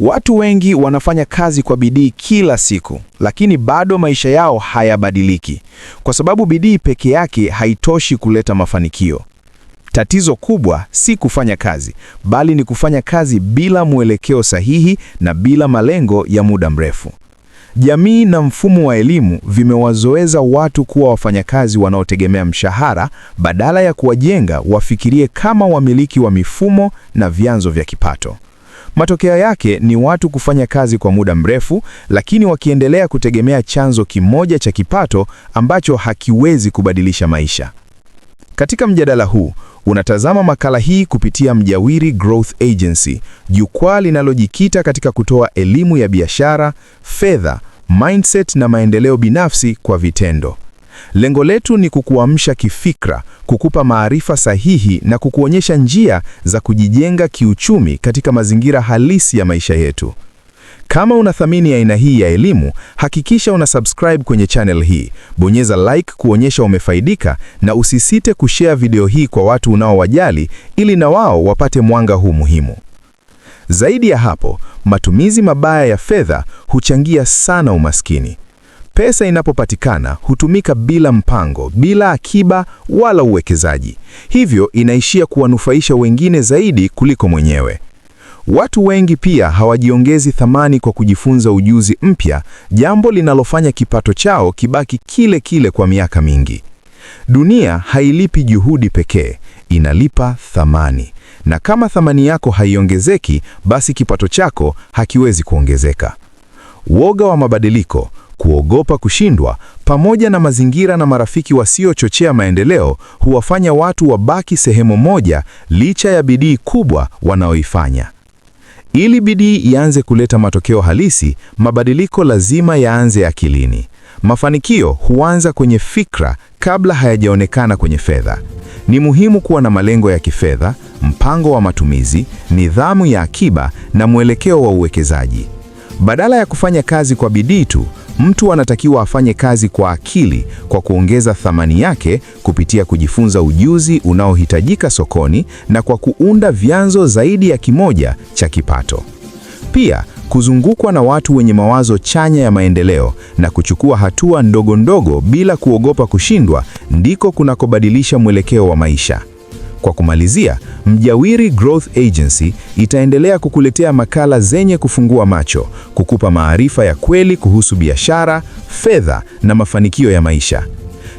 Watu wengi wanafanya kazi kwa bidii kila siku, lakini bado maisha yao hayabadiliki, kwa sababu bidii peke yake haitoshi kuleta mafanikio. Tatizo kubwa si kufanya kazi, bali ni kufanya kazi bila mwelekeo sahihi na bila malengo ya muda mrefu. Jamii na mfumo wa elimu vimewazoeza watu kuwa wafanyakazi wanaotegemea mshahara badala ya kuwajenga wafikirie kama wamiliki wa mifumo na vyanzo vya kipato. Matokeo yake ni watu kufanya kazi kwa muda mrefu, lakini wakiendelea kutegemea chanzo kimoja cha kipato ambacho hakiwezi kubadilisha maisha. Katika mjadala huu unatazama makala hii kupitia Mjawiri Growth Agency, jukwaa linalojikita katika kutoa elimu ya biashara, fedha, mindset na maendeleo binafsi kwa vitendo. Lengo letu ni kukuamsha kifikra, kukupa maarifa sahihi na kukuonyesha njia za kujijenga kiuchumi katika mazingira halisi ya maisha yetu. Kama unathamini aina hii ya elimu, hakikisha una subscribe kwenye channel hii, bonyeza like kuonyesha umefaidika, na usisite kushare video hii kwa watu unaowajali ili na wao wapate mwanga huu muhimu. Zaidi ya hapo, matumizi mabaya ya fedha huchangia sana umaskini. Pesa inapopatikana hutumika bila mpango, bila akiba wala uwekezaji, hivyo inaishia kuwanufaisha wengine zaidi kuliko mwenyewe. Watu wengi pia hawajiongezi thamani kwa kujifunza ujuzi mpya, jambo linalofanya kipato chao kibaki kile kile kwa miaka mingi. Dunia hailipi juhudi pekee, inalipa thamani, na kama thamani yako haiongezeki, basi kipato chako hakiwezi kuongezeka. Woga wa mabadiliko Kuogopa kushindwa pamoja na mazingira na marafiki wasiochochea maendeleo huwafanya watu wabaki sehemu moja licha ya bidii kubwa wanaoifanya. Ili bidii ianze kuleta matokeo halisi, mabadiliko lazima yaanze akilini. Mafanikio huanza kwenye fikra kabla hayajaonekana kwenye fedha. Ni muhimu kuwa na malengo ya kifedha, mpango wa matumizi, nidhamu ya akiba na mwelekeo wa uwekezaji. Badala ya kufanya kazi kwa bidii tu, Mtu anatakiwa afanye kazi kwa akili kwa kuongeza thamani yake kupitia kujifunza ujuzi unaohitajika sokoni na kwa kuunda vyanzo zaidi ya kimoja cha kipato. Pia, kuzungukwa na watu wenye mawazo chanya ya maendeleo na kuchukua hatua ndogo ndogo bila kuogopa kushindwa ndiko kunakobadilisha mwelekeo wa maisha. Kwa kumalizia, Mjawiri Growth Agency itaendelea kukuletea makala zenye kufungua macho, kukupa maarifa ya kweli kuhusu biashara, fedha na mafanikio ya maisha.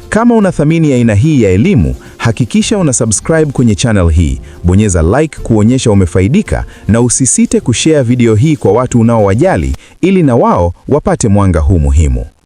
Kama unathamini aina hii ya elimu, hakikisha una subscribe kwenye channel hii, bonyeza like kuonyesha umefaidika, na usisite kushare video hii kwa watu unaowajali ili na wao wapate mwanga huu muhimu.